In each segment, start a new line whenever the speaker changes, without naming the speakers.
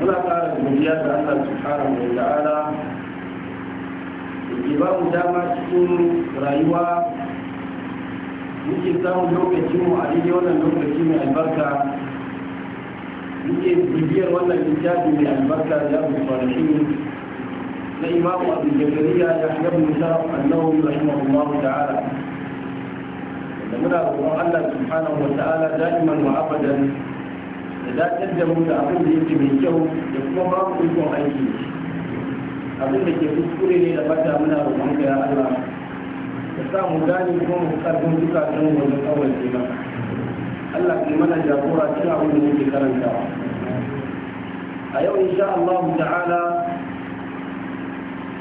muna ƙara godiya ga Allah subhanahu wa ta'ala da ba mu dama cikin rayuwa muke samun lokacin mu a daidai wannan lokaci mai albarka muke bibiyar wannan littafi mai albarka ya mu farshi na imamu a jakariya ya haɗar musa annahu rahimahullahu ta'ala da muna roƙon Allah subhanahu wa ta'ala da'iman wa abadan da dakatar da mu abin da yake mai kyau da kuma ba mu ikon aiki abin da ke kuskure ne da bata muna roƙon ka ya Allah ka sa mu gane kuma mu karfin zukatan wajen kawai ke ba Allah ke mana jagora cikin abin da muke karantawa a yau insha Allah ta'ala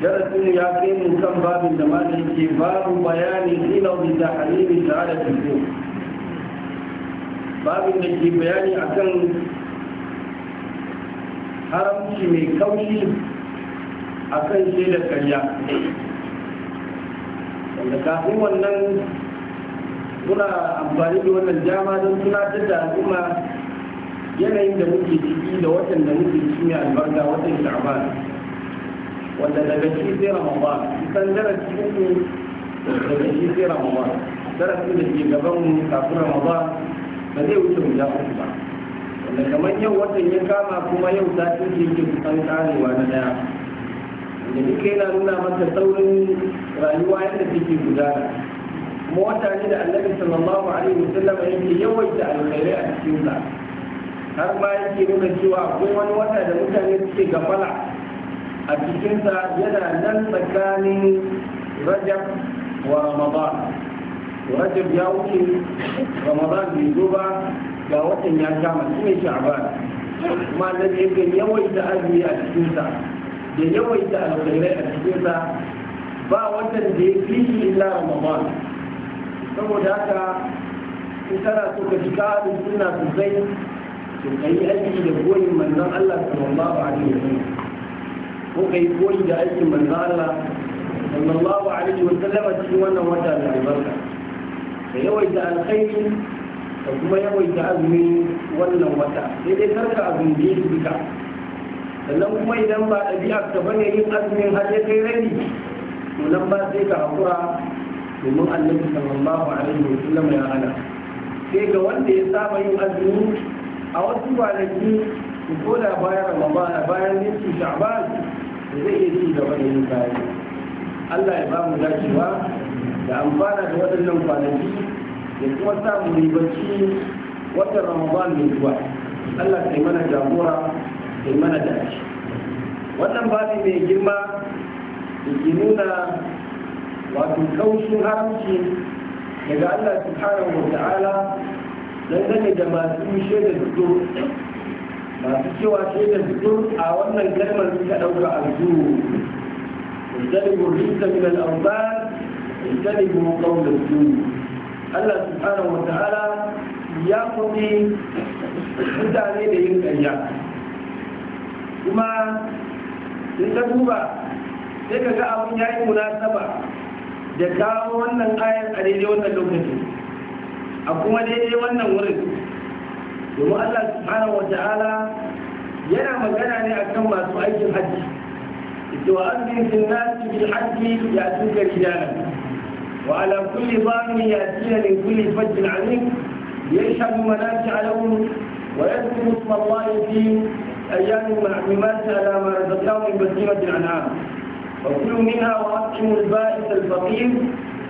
darasin ya kai mu kan babin da ma ke babu bayani ila bi tahrimi ta'ala fi babin da ke bayani a kan haramci mai kaushi a kan shaidar karya wanda kafin wannan muna amfani da wannan dama don tunatar da al'umma yanayin da muke ciki da watan da muke ciki albarka watan sha'ban wanda daga shi sai ramadan kusan darasi uku daga shi sai ramadan darasin da ke gaban kafin ramadan ba zai wuce guda uku ba wanda kamar yau watan ya kama kuma yau ta ce ke kusan karewa na daya Wanda duka yana nuna masa saurin rayuwa yadda take gudana kuma wata ne da annabi sallallahu alaihi wasallam yake yawaita alkhairai a cikin sa har ma yake nuna cewa akwai wani wata da mutane suke gafala a cikin sa yana nan tsakanin rajab wa ramadan rajab ya wuce ramadan bai zo ba ga watan ya kama shi ne sha'ban kuma annabi yakan yawaita azumi a cikin sa da yawaita alkhairai a cikin sa ba watan da ya fi shi illa ramadan saboda haka in kana so ka shiga ahlus sunna sosai to ka yi aiki da koyin manzon Allah sallallahu alaihi wasallam ko ka yi koyi da aikin manzon Allah sallallahu alaihi wasallam cikin wannan wata da albarka ka yawaita alkhairi da kuma yawaita azumin wannan wata sai dai karka azumi su duka sannan kuma idan ba ɗabi'ar ta bane yin azumin har ya kai rabi to nan ba sai ka hakura domin annabi sallallahu alaihi wa sallam ya hana sai ga wanda ya saba yin azumi a wasu kwanaki ko da bayan ramadan bayan nisfu sha'ban zai iya ci gaba da yin kayan Allah ya ba mu dacewa da amfana da waɗannan kwanaki da kuma samu ribaci watan ramadan mai zuwa allah sai mana jagora sai mana dace wannan babi mai girma da ke nuna wato kaushin haramci daga allah subhanahu wa ta'ala dangane da masu shaidar fito masu cewa shaidar fito a wannan kalmar suka ɗauka a zuwa. Zalibur Rinsa min al اجتنبوا قول الزور Allah subhanahu wa ta'ala ya kuɗi mutane da yin ƙarya kuma in ka duba sai ka ga abin ya yi munasaba da kawo wannan ayar a daidai wannan lokacin a kuma daidai wannan wurin domin Allah subhanahu wa ta'ala yana magana ne akan masu aikin hajji ita wa an bin sinnasi hajji ya tuka rijalan وعلى كل ظالم يأتين من كل فج عميق يشهد منافع لهم ويذكر اسم الله في أيام معلومات على ما رزقناه من بسيمة الأنعام وكل منها وأطعم البائس الفقير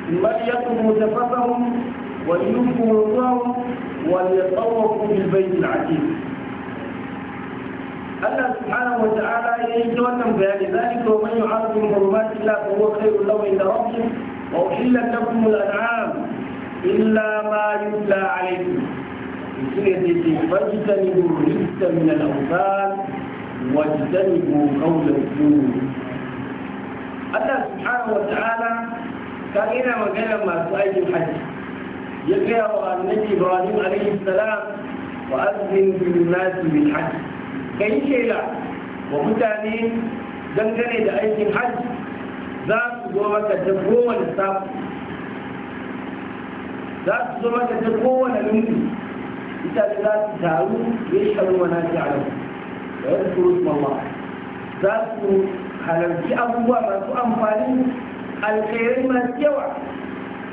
من يطلب متفقهم وليوفوا رضاهم وليطوفوا بالبيت العتيق الله سبحانه وتعالى ta'ala ya yi ta ومن يعظم zalika الله فهو خير له Allah fa وأحلت لكم الأنعام إلا ما يتلى عليكم بسنة فاجتنبوا الرجس من الأوثان واجتنبوا قول الزور Allah subhanahu wa ta'ala ka ina magana masu aikin hajji ya gaya wa annabi Ibrahim alaihi salam wa azmin bil nasi bil hajji kai shela wa mutane dangane da aikin hajji za zo maka ta kowane safu za su zo maka ta kowane lungu ita ne za su taru ya sharu wana na a da yadda su rusu mawa za su halarci abubuwa masu amfani alkhairai masu yawa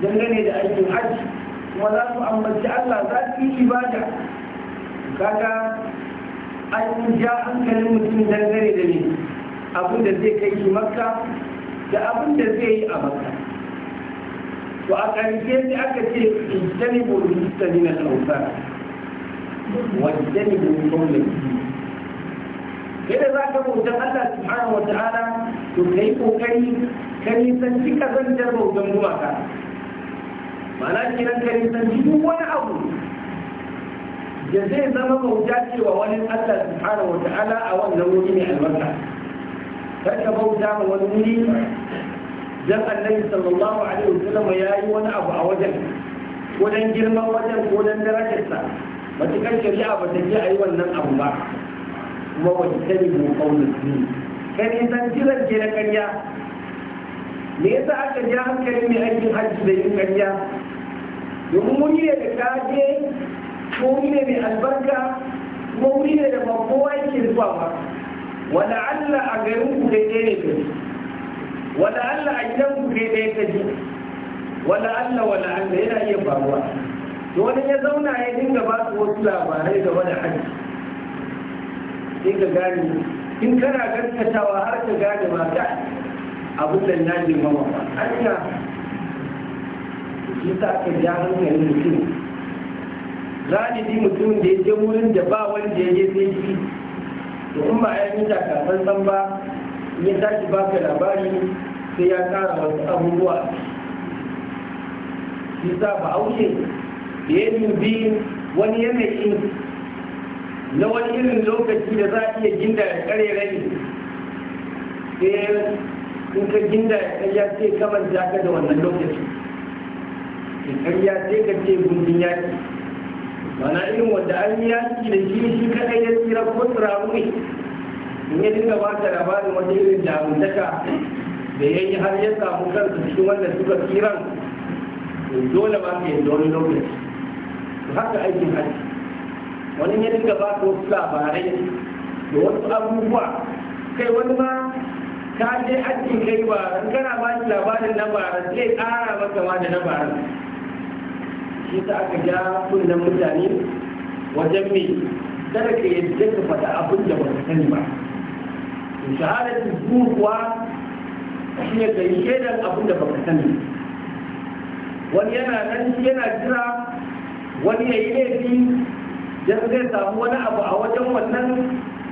dangane da aikin hajji kuma za su ambaci Allah za su yi ibada kaga an ja hankalin mutum dangane da ne abin da zai kai shi makka da abin da zai yi a maka to a ƙarshe sai aka ce ijtani bu rijista min al-awsan wa ijtani bu qawlan yadda za ka bauta Allah subhanahu wa ta'ala to kai kokari ka nisanci kazantar bautan gumaka ma'ana kiran ka nisanci duk wani abu da zai zama bauta cewa wani Allah subhanahu wa ta'ala a wannan wuri ne albarka kada bauta ma wani wuri dan annabi sallallahu alaihi wasallam ya yi wani abu a wajen ko dan girman wajen ko dan darajarsa matuƙar shari'a ba ta ji a yi wannan abu ba kuma ba ta sani mu kaunin su kan yi san jiran ke na karya me yasa aka ja hankali mai aikin hajji da yin karya domin wuri ne da kaje ko wuri ne mai albarka ko wuri ne da ba kowa yake zuwa ba wanda Allah a garin ku da ke ne ka ji wanda Allah a gidan ku da ɗaya ka ji wanda Allah wanda Allah yana iya faruwa to wani ya zauna ya dinga ba su wasu labarai game da hajji sai ka gane in kana gaskatawa har ka gane ma ka abin da na ji mama ba hanya shi sa ka ja hankali mutum zalibi mutumin da ya je wurin da ba wanda ya je sai shi to in ba ya yi san ba ya tashi ka labari sai ya tara wasu abubuwa shi sa ba auke da ya dubi wani yanayi na wani irin lokaci da za a iya ginda ya kare rai sai in ka ginda ya sai kamar jaka da wannan lokaci karya sai ka ce gundun yaki mana irin wanda an yi yaki da shi shi kadai ya tsira ko turamu ne in ya dinga ba ta labarin wani irin damuntaka da ya yi har ya samu kansu cikin wanda suka tsiran dole ba ka yanzu wani lokaci haka aikin haji wani ya dinga ba ta wasu labarai da wasu abubuwa kai wani ma ka je hajji kai ba kana ba shi labarin na bara sai ƙara maka ma da na bara shi ta aka ja kunnen mutane wajen mai kada ka yadda ka faɗa abin da ba ka sani ba shahadatin zuwa kuwa shi ne ka yi shaidar abin da ba ka sani wani yana nan yana jira wani ya yi laifi don zai samu wani abu a wajen wannan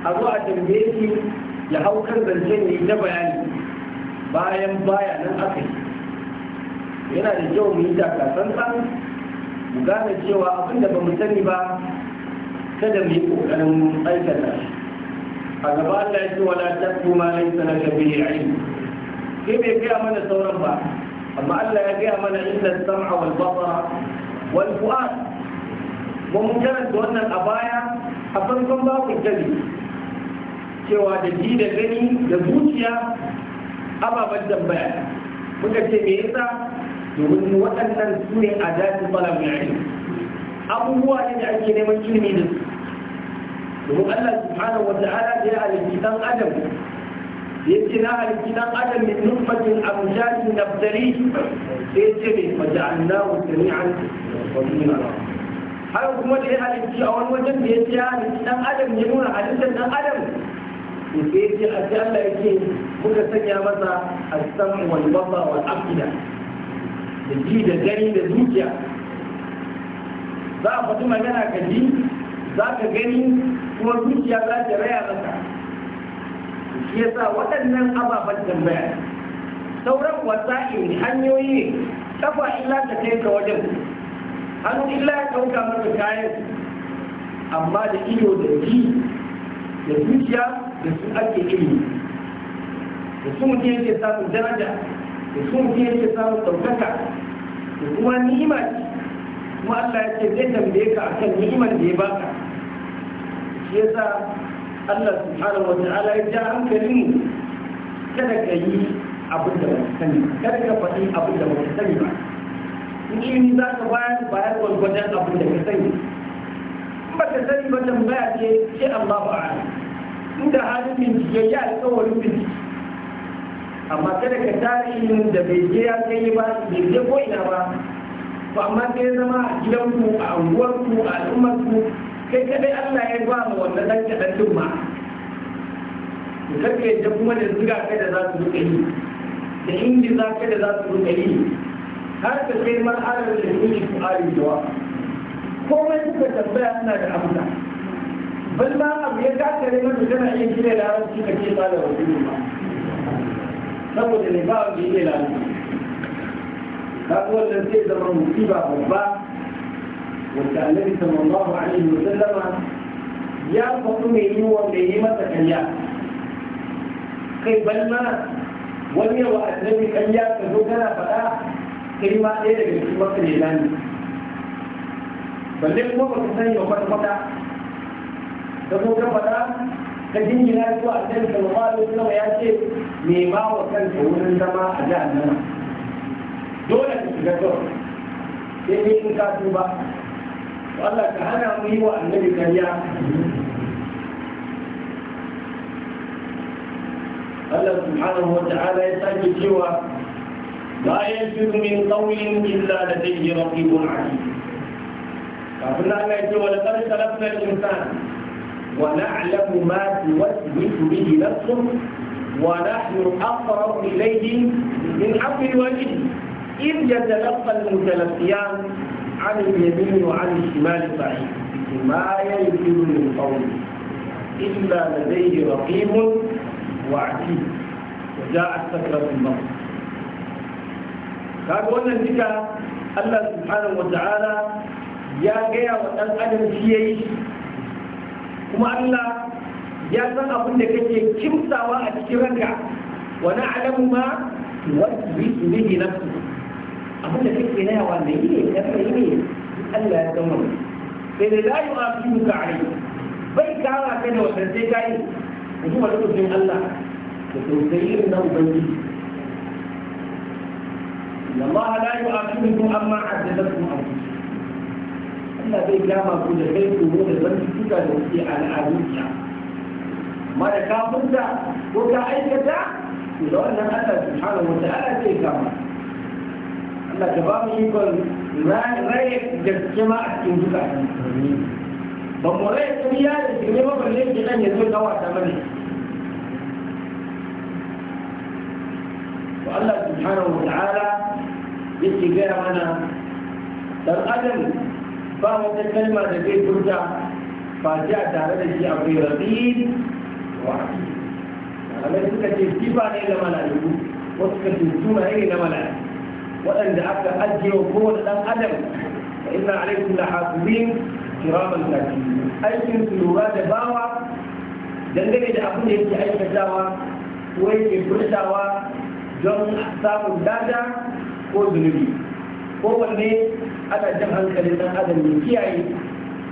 a zo a tambaye shi ya hau kan zancen ne ta bayani bayan baya nan aka yi yana da kyau mu yi takasansa mu gane cewa abin da ba mu sani ba kada mu yi ƙoƙarin aikata shi a gaba Allah ya ce wala taqu ma laysa laka bihi ilm sai bai gaya mana sauran ba amma Allah ya gaya mana inna as-sam'a wal basara wal fu'ad mu mun karanta wannan a baya a farkon babu tabi cewa da ji da gani da zuciya ababen tambaya muka ce me yasa domin waɗannan su ne a daji talabin ilmi abubuwa ne da ake neman ilimi da su domin Allah subhanahu wa ta'ala da ya halitta dan adam ya ce na halitta dan adam min nutfatin amjadin nabdari sai ce mai faja'annahu sami'an basira har kuma da ya halitta a wani wajen da ya ce ya halitta dan adam ya nuna halittar dan adam sai ya ce a Allah ya ce muka sanya masa as-sam wal-basar wal-afida da ji da gani da zuciya za a faɗi magana ka ji za ka gani kuma zuciya za ta raya maka shi yasa waɗannan ababen tambaya sauran wasa'i hanyoyi ne kafa illa ta kai ka wajen hannu illa ya ɗauka maka kayan amma da ido da ji da zuciya da su ake ilimi da su mutum yake samun daraja da sun fiye yake samun ɗaukaka da kuma ni'ima ce kuma Allah ya ce zai tambaye ka akan ni'imar da ya baka shi yasa Allah subhanahu wata'ala ya ja hankalin kada ka yi abin da baka sani kada ka faɗi abin da baka sani ba in ni za ka bayar bayar gwargwadon abin da ka sani in ba ka sani ba tambaya ce ce Allah ba'ala inda halin bincike ya alƙawarin bincike amma kada ka tarihin da bai je ya kai ba bai je ko ina ba to amma sai zama a gidanku a unguwarku a al'ummarku kai kadai Allah ya ba mu wannan dan kadan din ma karka da kuma da zuga kai da za su duka yi da inda za kai da za su duka yi har ka kai mar'alar da yi ku ari jawa komai kuka tambaya suna da amsa bal ma abu ya ka kare mana kana iya da larabci ka ce tsala wa ba saboda ne ba wanda yake lafiya kaga wannan zai zama musiba babba wacce annabi sallallahu alaihi wa sallama ya faɗi mai yi wanda yi masa kanya kai balma wani yawa annabi kanya ka zo kana faɗa kai ma ɗaya daga cikin maka ne lani balle kuma ba ka sani ba kwata-kwata ka zo ka faɗa ka jingina zuwa annabi sallallahu alaihi wasallam ya ce me ma wa kanka wurin zama a jahannama dole ka shiga kawai sai dai in ka tuba Allah ka hana mu yi wa annabi kariya Allah subhanahu wa ta'ala ya sake cewa la yalfizu min qawlin illa ladayhi raqibun 'atid kafin Allah ya ce wa laqad khalaqna al-insana ونعلم ما توسوس به نفسه ونحن أقرب إليه من حق الوجه إذ يتلقى المتلقيان عن اليمين وعن الشمال بعيد ما يلفظ من قول إلا لديه رقيب وعتيد وجاءت سكرة الموت kaga wannan duka Allah subhanahu wa ta'ala ya gaya wa ɗan adam shi kuma Allah ya san abin da kake kimsawa a cikin ranka wa na'lamu ma wasbisu bihi nafsu abin da kake na yawa ne ne da kai ne Allah ya san wannan sai da la yu'afiduka alayhi bai kawa ka da wannan sai kai kuma da din Allah da tausayin na ubangiji Allah la yu'afidukum amma ajabakum anfusukum Allah zai kama ku da kai tsoro da zantuka da kuke al'adunka mara kafin da ko ka aikata to da wannan Allah subhanahu wa ta'ala zai kama Allah ta ba mu ikon raye gaske ma a cikin duka ba mu raye tsariya da shirme ba balle ke nan ya zo dawa ta mana to Allah subhanahu wa ta'ala yake gaya mana dan adam ba wata kalma da zai turta ba a tare da shi a kai rabi wa mai suka ce sifa ne na mala'iku wasu suka ce suna ne na mala'iku waɗanda aka ajiye wa kowane ɗan adam da ina alaikun da hasirin kiraman katibin aikin su lura da bawa dangane da abin da yake aikatawa ko yake furtawa don samun dada ko zunubi ko wanne. ana jan hankalin dan adam ne kiyaye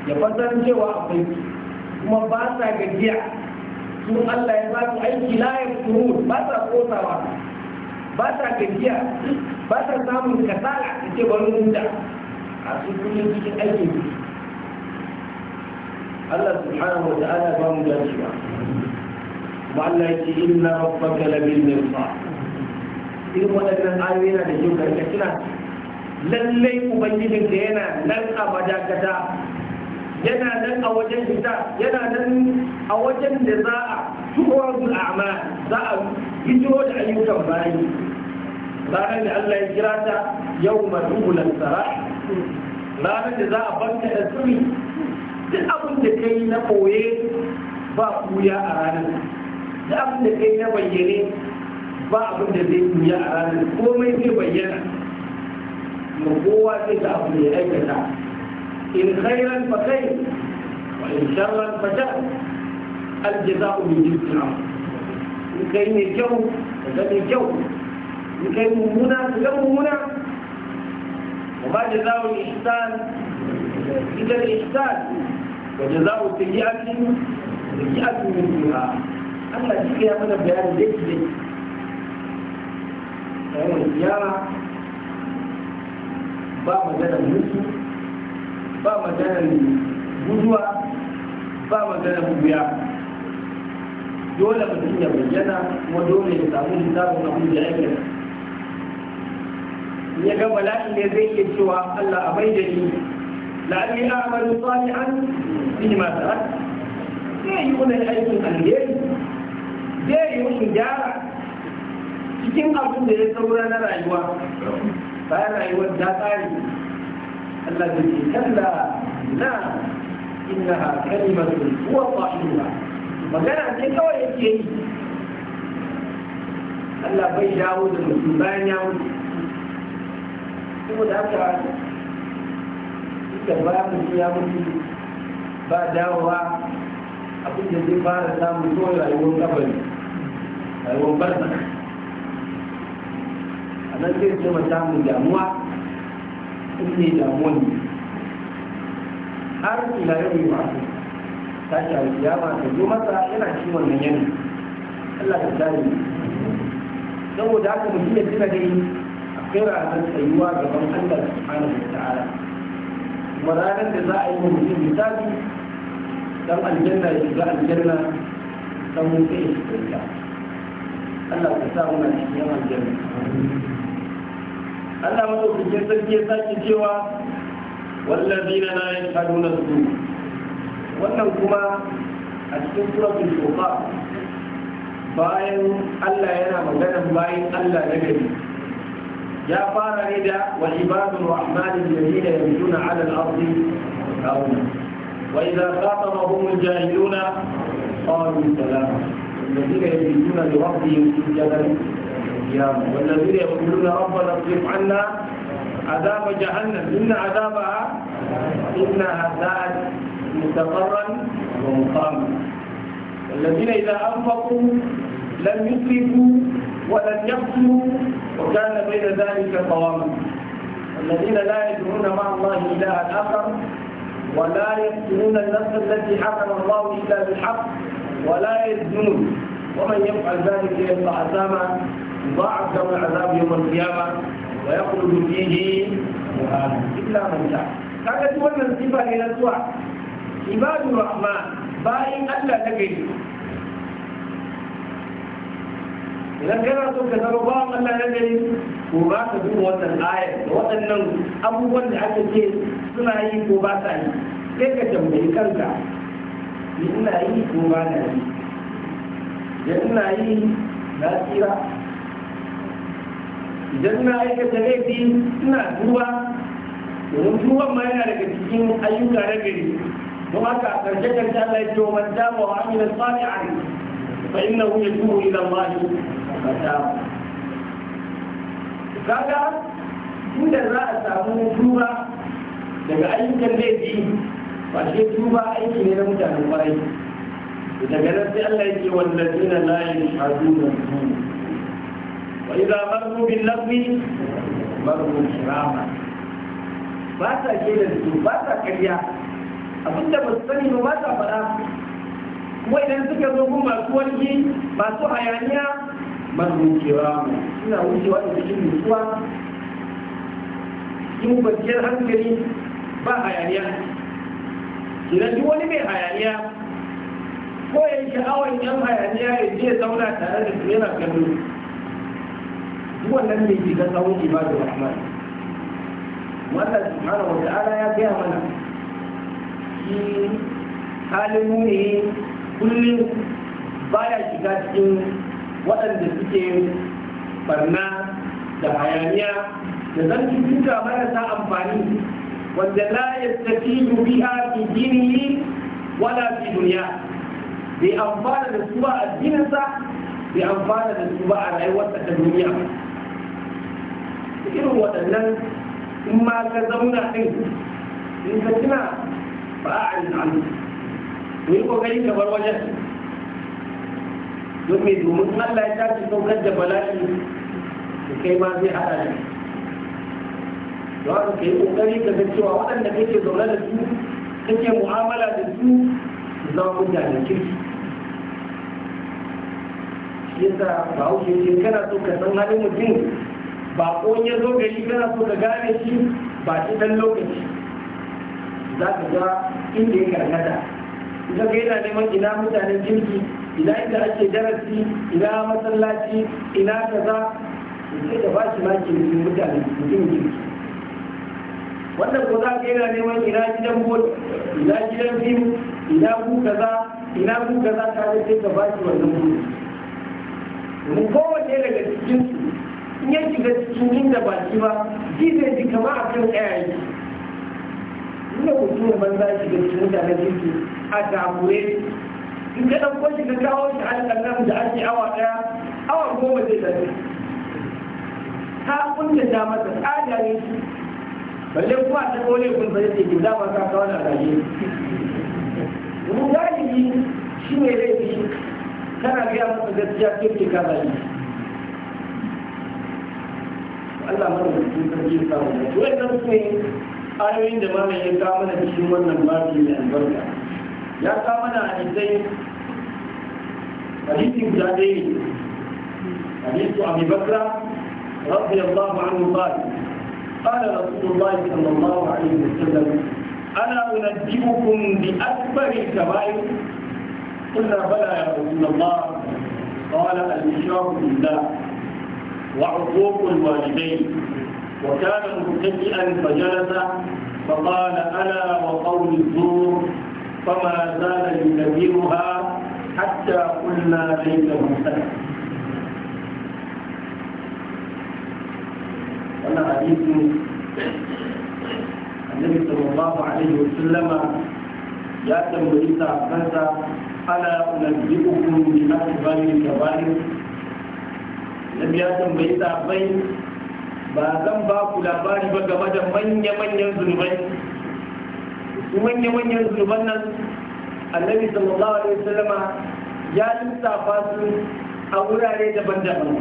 ya fasar cewa akwai kuma ba sa gajiya su Allah ya su aiki la ya ba sa kosawa ba sa gajiya ba sa samun kasala da ce bari huta a su kullum cikin aikin Allah subhanahu wa ta'ala ba mu shi ba Allah ya ce inna rabbaka labil mirsad irin waɗannan ayoyi yana da jin karkashin lallai ubangijin da yana nan a madakata yana nan a wajen fita yana nan a wajen da za a a amma za a hijiro da ayyukan bayi ranar da Allah ya kira ta yau madubulan sara ranar da za a banka da tsuri duk abin da kai na koye ba kuya a ranar duk abin da kai na bayyane ba abin da zai kuya a ranar komai zai bayyana نبوة تأخذي أي إن خيرا فخير وإن شرا فشر الجزاء من جنس الأمر إن كان الجو فجد الجو إن كان هنا فجو هنا وما جزاء الإحسان إلا الإحسان وجزاء السيئة سيئة من فيها أما الزكاة من بيان ذكر ba maganar musu ba maganar guduwa ba maganar buya dole mutum ya bayyana kuma dole ya samu littafin abin da ya gina ya ga bala'i ne zai iya cewa Allah a bai da ni La'ani la'alli a'malu salihan fi ma tarak zai yi wani aikin alheri zai yi wani gyara cikin abin da ya saura na rayuwa فأنا يودى آي الذي كلا لا إنها كلمة هو صحيحة مجانا تلك ويكي ألا بيش أود المسلمان يود يقول أبو عاد إذا بقى مسلمان يود بقى جاوة أبو جديد فارسان بطول أيوان قبل أيوان برنا أيوان برنا nan zai zama samun damuwa in ne damuwa ne har ila yau yi masu da yawa ta zo masa yana shi wannan yanayi Allah ka tsari saboda haka mu ya tuna dai akwai ranar tsayuwa gaban Allah subhanahu wa ta'ala kuma ranar da za a yi mu mutum misali dan aljanna ya shiga aljanna dan mutum ya shiga Allah ka sa muna cikin aljanna Allah madaukakin sarki ya sake cewa wallazina la yashhaduna su wannan kuma a cikin suratul shufa bayan Allah yana magana bayan Allah na gari ya fara ne da wa ibadul rahmani alladhina yamshuna 'ala al-ardi hawna wa idza qatabahum al-jahiluna qalu salama alladhina yamshuna li rabbihim sujadan القيامة والذين يقولون ربنا اصرف عنا عذاب جهنم إن عذابها إنها ساءت مستقرا ومقاما والذين إذا أنفقوا لم يسرفوا ولم يقتلوا وكان بين ذلك قواما الذين لا يدعون مع الله إلها آخر ولا يقتلون النفس التي حكم الله إلا بالحق ولا يزنون ومن يفعل ذلك يلقى عذابا يضاعف له العذاب يوم القيامة ويخلد فيه مهانا إلا من شاء kaga duk wannan sifa ne na zuwa ibadu rahman bayan Allah ta gaji idan kana so ka zama bawan Allah na gari ko ba ka duba wannan ayar da waɗannan abubuwan da aka ce suna yi ko ba sa yi sai ka tambayi kanka ni ina yi ko ba na yi idan ina yi na tsira idan na aikata laifi suna duba domin duban ma yana daga cikin ayyuka na gari don haka a ƙarshe ƙarshe Allah ya ce wa man dama wa amina salihan fa innahu yatubu ila Allah fataba kaga inda za a samu duba daga ayyukan laifi ba shi duba aiki ne na mutanen kwarai daga nan sai Allah ya ce wallazina la yashhaduna وإذا مروا باللغو مروا kirama. ba sa ke da su ba sa karya abinda ba su ba ba sa faɗa kuma idan suka zo gun masu warki masu hayaniya marmu kiramu suna wucewa da cikin nutsuwa cikin kwanciyar hankali ba hayaniya idan duk wani mai hayaniya ko ya sha'awar yan hayaniya ya je zauna tare da su yana kallo wannan ne ke ga tsawon ibadu rahman wannan subhanahu wa ta'ala ya gaya mana shi halin ne kullum baya shiga cikin waɗanda suke barna da hayaniya da zargin cuta marasa amfani wanda la yastatiyu biha fi dinihi wala fi duniya bai amfana da su ba a addininsa bai amfana da su ba a rayuwarsa ta duniya irin waɗannan in ma ka zauna ɗin in ka tuna ba a al'adu mu yi ƙoƙari ka bar wajen don mai domin Allah ya tashi saukar da bala'i da kai ma zai haɗa da don haka ka yi ƙoƙari ka ga cewa waɗanda kake zaune da su kake mu'amala da su zama mutane kirki yasa ba wuce kana so ka san halin mutum ba kon ya zo gari kana so ka gane shi ba shi dan lokaci za ka ga inda ya karkata idan ka yana neman ina mutanen kirki ina inda ake darasi ina masallaci ina kaza sai da ba shi maki mutane mutum kirki wannan ko za ka yana neman ina gidan bol ina gidan fim ina ku kaza ina ku kaza ka ga sai ka ba shi wannan bol mun kowace daga cikin su in ya shiga cikin ba shi ba shi zai ji kama a kan tsayayi ina mutum banza shiga cikin da na jirgi a takure in ka ɗauko shi ka kawo shi a ɗanɗan da ake awa ɗaya awa goma zai tafi ka kunta da masa tsada ne shi balle kuma ta kone kun zai ce ki dama ka kawo na rage mu galibi shi ne laifi kana gaya masa gaskiya kirki ka zai Allah mana da cikin sarki ya samu da wai da suke ayoyin da mana ya kawo mana cikin wannan babi mai albarka ya kawo mana hadisai hadisin guda ɗaya ne hadisu Abi Bakra رضي الله عنه قال قال رسول الله صلى الله عليه وسلم أنا أنبئكم بأكبر الكبائر قلنا بلى يا رسول الله قال الإشراك بالله وعقوق الوالدين وكان مبتدئا فجلس فقال ألا وقول الزور فما زال ينذرها حتى قلنا ليس سنة أنا حديث النبي صلى الله عليه وسلم يا تنبئي سعفنسا ألا أنبئكم بأكبر الكبائر nabi ya tambayi sahabbai ba zan ba ku labari ba game da manya-manyan zunubai su manya-manyan zunuban nan annabi sallallahu alaihi wasallama ya lissafa su a wurare daban-daban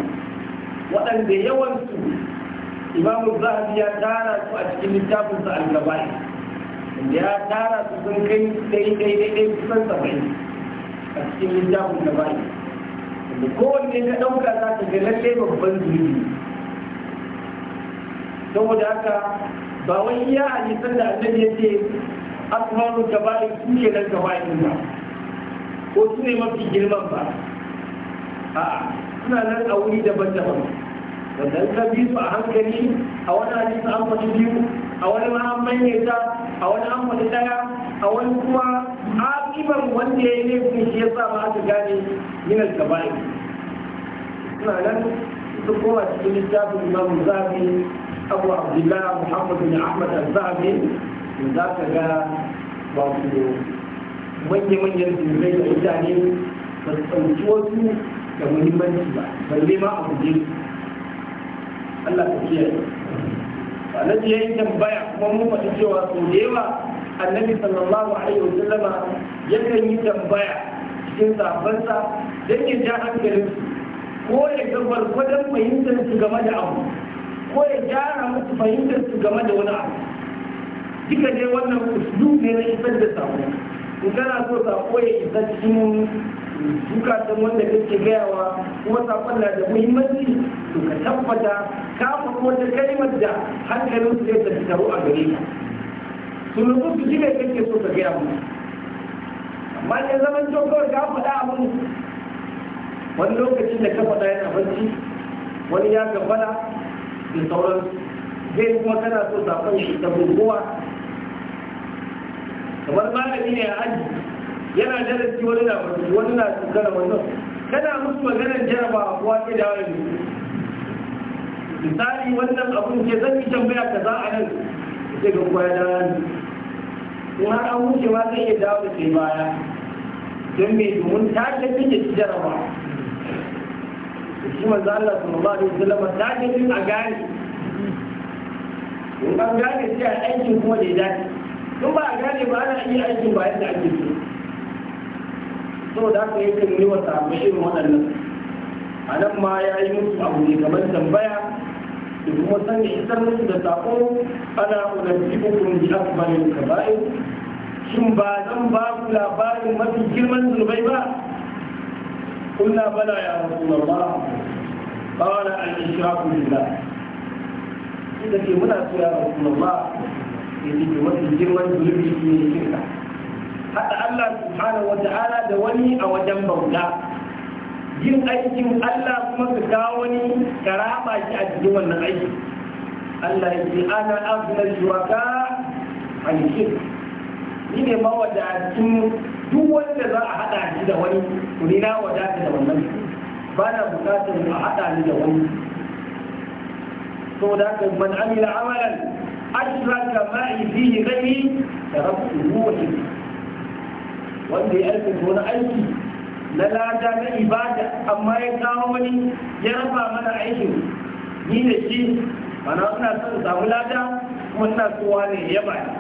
waɗanda yawansu imamu zahabi ya tara su a cikin littafinsa al-gabai ya tara su sun kai daidai daidai kusan saba'in a cikin littafin gabai kowanne ka ɗauka za ka ga lalle babban zuri saboda haka ba wai iya nisan da annabi ya ce ta kaba'i su ke nan kaba'in ba ko su ne mafi girman ba a'a suna nan a wuri daban-daban an ka bi a hankali a wani hadisi an faɗi biyu a wani ma an ta a wani an faɗi ɗaya a wani kuma a ƙiban wanda ya yi laifin shi ya sa ma aka gane min al-kaba'ir suna nan su kowa cikin littafin imam zafi abu abdullah muhammad bin ahmad al-zabi za ka ga ba ku manya-manyan zurai da mutane ba su ɗauki wasu da muhimmanci ba Allah ta kiyaye annabi ya yi tambaya kuma mun faɗi cewa sau da yawa annabi sallallahu alaihi wasallama yakan yi tambaya cikin sabansa don ya ja hankalin ko ya ga gwargwadon fahimtar su game da abu ko ya gyara musu fahimtar su game da wani abu duka dai wannan uslu ne na isar da sako in kana so sako ya isa cikin bukatan wanda kake gayawa kuma sakon na da muhimmanci to ka tabbata ka faɗi wata kalmar da hankalin su zai tattaro a gare ka su nufi su ji kake so ka gaya musu amma ya zama to kawai ka faɗa abin wani lokacin da ka faɗa yana barci wani ya gabbala da sauran zai kuma kana so zafon shi da guguwa kamar malami ne a aji yana darasi wani na barci wani na tsara wannan kana musu maganar jarabawa kuwa ke da wani misali wannan abun ke zan yi tambaya ka za a nan sai ga kuwa ya dawo in har an wuce ma zai iya dawo da ke baya don me domin ta ke jaraba? shi manzo Allah sallallahu alaihi wasallam ta ga din a gane in an gane sai a aikin kuma da ya in ba a gane ba ana iya aikin ba yadda ake so saboda haka yakan yi wa sahabbai irin waɗannan a nan ma ya yi musu abu ne kamar tambaya da kuma sanya isar musu da sako ana ulanci hukum bi akbarin kaba'ir shin ba zan ba ku labarin mafi girman zunubai ba قلنا بلى يا رسول الله qala al-ishraku billah inda ke muna so ya rasulullah yace ke wani girman zulubi ne shirka hada Allah subhanahu da wani a wajen bauta yin aikin Allah kuma ka kawo wani karama shi a cikin wannan aiki Allah yace ana afdal shuwaka a shirk ni ne mawadatun duk wanda za a hada shi da wani ku ni na wadata da wannan ba na bukatar mu haɗa ni da wani saboda haka man amila amalan ashraka ma'i fihi ghairi taraktuhu wa shirki wanda ya aikata wani aiki na lada na ibada amma ya kawo wani ya raba mana aikin ni da shi mana ina son samu lada kuma suna kowa ne ya bani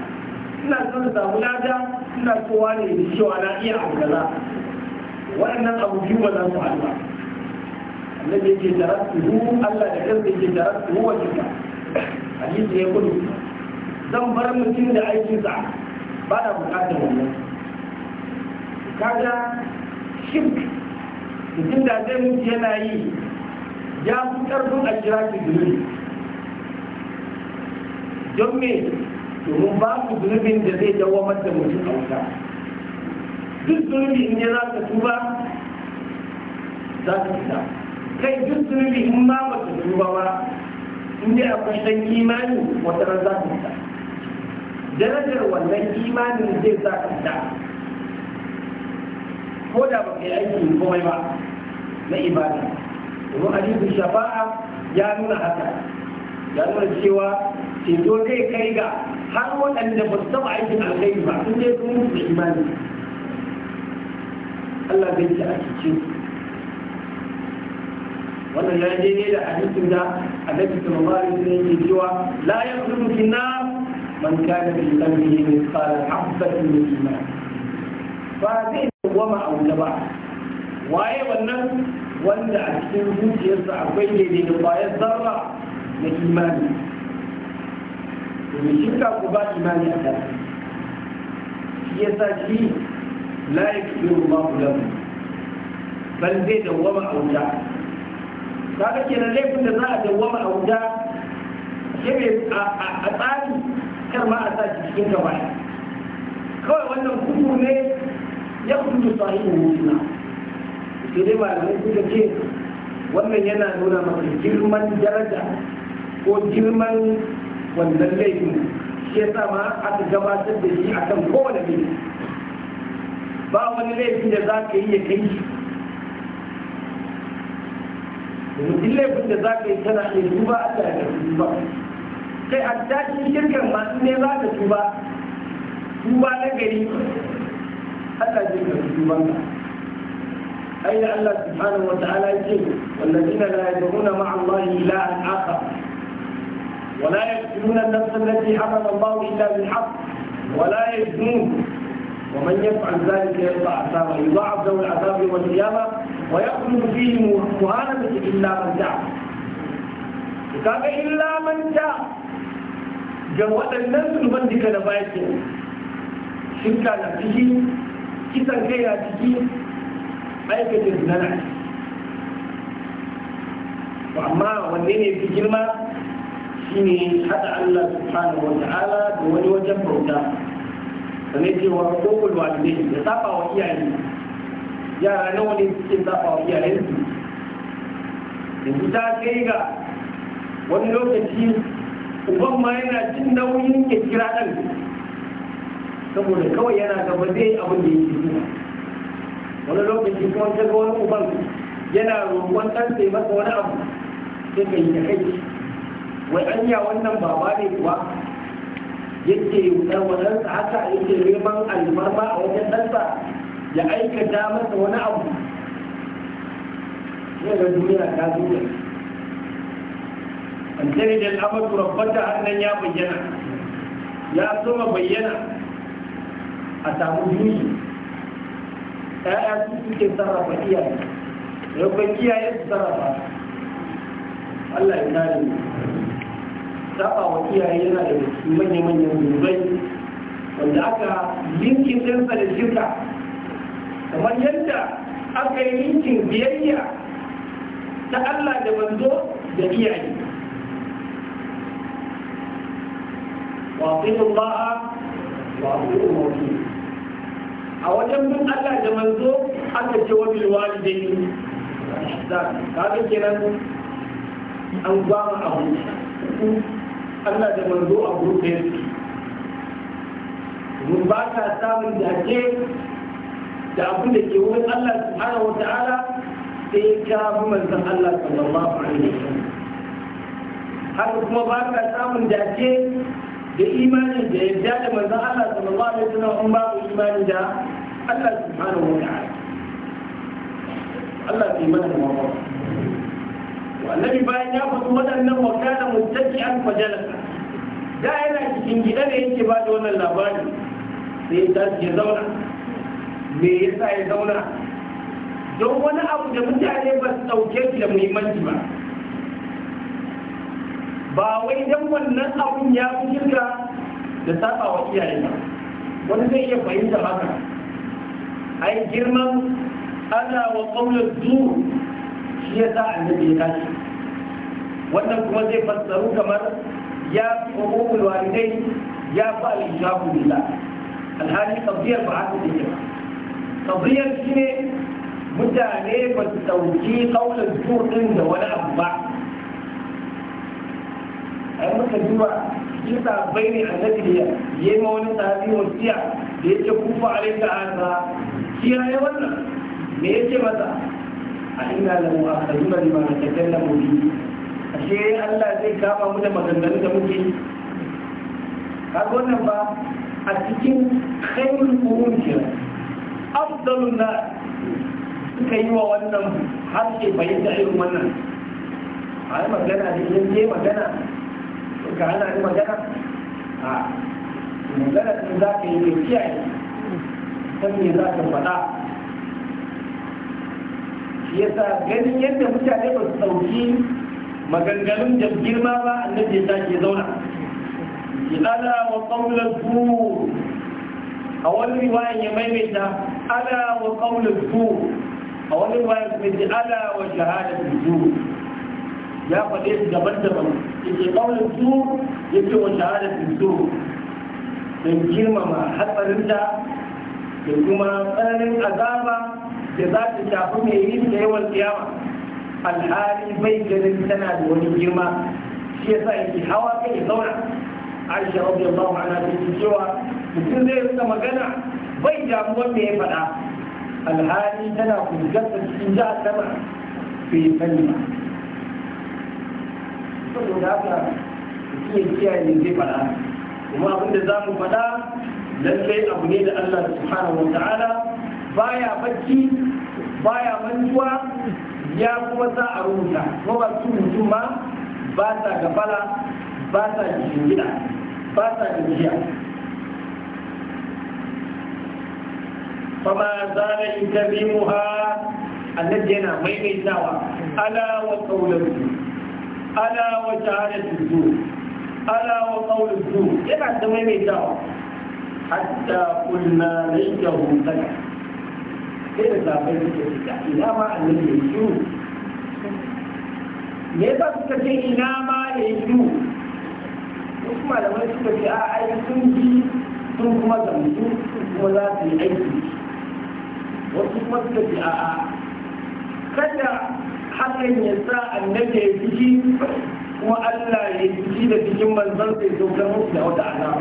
ina son samu lada suna kowa ne da cewa na iya abu kaza waɗannan abu biyu ba za su haɗu annabi yake tarattuhu Allah da kansa yake tarattuhu wa jika hadisi ya kudu zan bar mutum da aikinsa ba na bukatar wannan kaga shirk mutum da zai mutu yana yi ya fi karfin a kira ki zunubi don me domin ba su zunubin da zai dawamar da mutum a wuta duk zunubi ne ya za ka tuba za ka fita kai duk zunubi in ma ba su duba ba in dai akwai ɗan imani wata ran za fita darajar wannan imanin zai sa ka fita ko da ba kai aiki komai ba na ibada domin hadisi shafa'a ya nuna haka ya nuna cewa ceto zai kai ga har waɗanda ba su taɓa aikin alkhairi ba sun dai sun mutu da imani Allah zai ci a cikin wannan ya ne da hadisin da annabi sallallahu alaihi wasallam yake cewa la yakunu fi nar man kana fi qalbihi mithqala habatin min iman ba zai wama a wuta ba waye wannan wanda a cikin zuciyarsa akwai ne da kwayar zarra na imani domin shirka ku ba imani a kan shi ya sa shi la yakunu ma lahu bal zai dawwama a wuta kaga kenan laifin da za a dawwama a wuta sai a tsari kar ma a sa shi cikin gaba kawai wannan kudu ne ya kudu sahibin mutuna sai dai malamai suka ce wannan yana nuna maka girman daraja ko girman wannan laifin shi ya sa ma aka gabatar da shi akan kowane laifi ba wani laifin da za ka yi ya kai domin laifin da za ka yi tana iya duba a ta da duba sai a tashin shirkan masu ne za duba duba na gari Allah ka duba ka الله سبحانه وتعالى يقول والذين لا يدعون مع الله إلها آخر ولا يقتلون النفس التي حرم الله إلا بالحق ولا يزنون ومن يفعل ذلك يلقى عذابا يضاعف له العذاب يوم القيامة ويخلو فيهم السؤالة إلا من تاب kaga illa man ta ga waɗannan zunuban duka da baya ke shirka na ciki kisan kai na ciki aikata zina na to amma wanne ne fi girma shine hada Allah subhanahu wa ta'ala da wani wajen bauta sanai cewa kokul walidai da saba iyaye yara nawa ne suke zaɓa wa iyayensu yanzu ta kai ga wani lokaci uban ma yana jin nauyin ya kira ɗan saboda kawai yana gaba zai abin da yake zuwa wani lokaci kuma ta ga wani uban yana roƙon ɗan sai masa wani abu sai ka yi da kai wai anya wannan baba ne kuwa yake wadansa haka yake neman alfarma a wajen ɗansa ya aikata masa wani abu zai da duniya ta zuwa an tare da al'amatu rabbata annan ya bayyana ya soma bayyana a samu duniya ya'ya su suke sarrafa iyaye yau kan iyaye su sarrafa Allah ya tare mu saba wa iyaye yana da manya-manyan zunubai wanda aka linkin ɗansa da shirka kamar yadda aka yi ninkin biyayya ta Allah da manzo da iyaye Wafin tsirin ba'a wa mafi a wajen bin Allah da manzo aka ce wani bilwali da yi kaga kenan an ba mu abu Allah da manzo a gurbin mun ba ta samun da ke da abin da ke wurin Allah subhanahu wata'ala sai ka bi manzon Allah sallallahu alaihi wasallam haka kuma ba ka samun dace da imanin da yadda da manzon Allah sallallahu alaihi wasallam in babu imani da Allah subhanahu wata'ala
Allah bai mana
mawa annabi bayan ya faɗi waɗannan wakana mutaki an fajalaka da yana cikin gida da yake ba da wannan labari sai ya tashi ya zauna me yasa ya zauna don wani abu da mutane ba su ɗauke shi da muhimmanci ba ba wai don wannan abun ya fi shirka da saba wa iyaye ba wani zai iya fahimta haka ai girman ana wa ƙaunar zuwa shi ya sa annabi ya wannan kuma zai fassaru kamar ya fi ƙwaƙwaƙwalwa dai, ya fi al-ishaku alhali ba haka take ba kabiyar shi ne mutane ba su ɗauki kaunar ɗin da wani abu ba ai muka duba shi sahabbai ne a nadiriya ya yi ma wani sahabi wasiya da ya ce kufa alaika azza shi ya yi wannan me ya ce masa a ina da mu a kajuna da mana ashe Allah zai kama mu da maganganu da muke kaga wannan ba a cikin khairul qurun kenan afdalun na suka yi wa wannan harshe fahimta irin wannan a yi magana da yin je magana suka hana ni magana a magana sun za ka yi mai kiyaye san me za ka faɗa shi sa ganin yadda mutane ba su ɗauki maganganun da girma ba da ya ke zauna ki wa qawla zur a wani riwayan ya maimaita ala wa qawl al a wani waya kuma ji ala wa shahada al-zur ya faɗe daban-daban yake qawl al-zur yake wa shahada al-zur don girmama hatsarinta da kuma tsananin azaba da za ta shafi mai yin da yawan tsiyama alhali bai ganin tana da wani girma shi ya sa yake hawa kai zauna aisha rabbi allah ana ta cewa mutum zai rika magana bai damu wanda ya faɗa alhali tana kujjarsa cikin jahannama bai sani ba saboda haka iya kiyaye ne zai faɗa kuma abin da za mu faɗa lallai abu ne da Allah subhanahu wa ta'ala baya bacci baya mantuwa ya kuma za a rubuta kuma ba su mutum ma ba sa gabala ba sa gida ba sa gajiya fama zara in kabi muha annabi yana maimaitawa ala wa qaulul ala wa ta'alatu du ala wa qaulul du yana da maimaitawa hatta kunna laytahu qad kida da bai take da ila ma annabi yusu me ba su kace ina ma ya yi su wasu malamai suka ce a aiki sun sun kuma zamtu kuma za su yi aiki wasu kuma suka a'a kada hakan ya sa annabi ya fushi kuma Allah ya fushi da cikin manzon sai zo ga musu da wata alama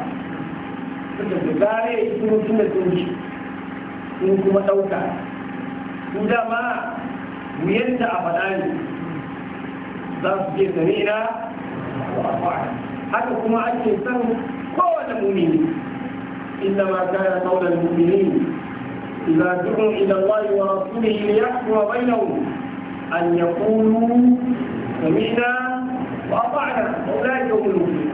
suka ce gare sun tuna sun ji sun kuma ɗauka su dama wuyanta a faɗa ne za su ke sami na haka kuma ake son kowane mumini inda ma kana kaunar mumini إذا دعوا إلى الله ورسوله ليحكم بينهم أن يقولوا سمعنا وأطعنا أولئك هم المفلحون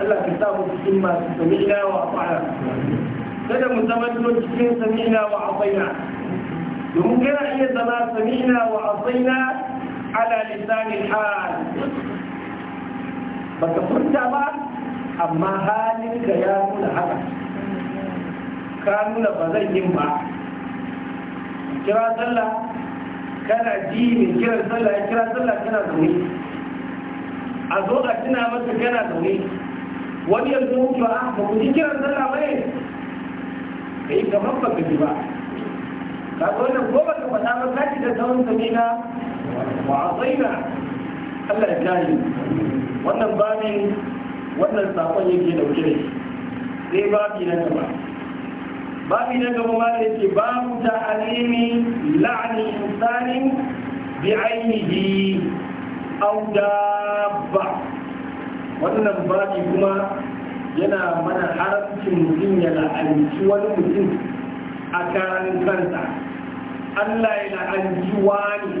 ألا كتاب السمة سمعنا وأطعنا كذا متمدد كثير سمعنا وعطينا يمكن أن يتبع سمعنا وعطينا على لسان الحال فتقول جابا أما هذه الكيان العبث ka nuna ba zan yin ba kira sallah kana ji mai kiran sallah ya kira sallah kana zaune a zo a tuna masa kana zaune wani yanzu muke a ah, ba ku ji kiran sallah ba ne ka yi kamar ba ka ji ba ka zo nan ko ba ka faɗa ba ka ji da sauran sami na ba a tsaina Allah ya kare wannan babin wannan sakon yake dauke da shi sai babi na gaba babu na gaba ma da yake babu ta'alimi la'ani insanin bi ainihi aw dabba wannan babi kuma yana mana haramcin mutum ya la'anci wani mutum a karan kansa Allah ya la'anci wani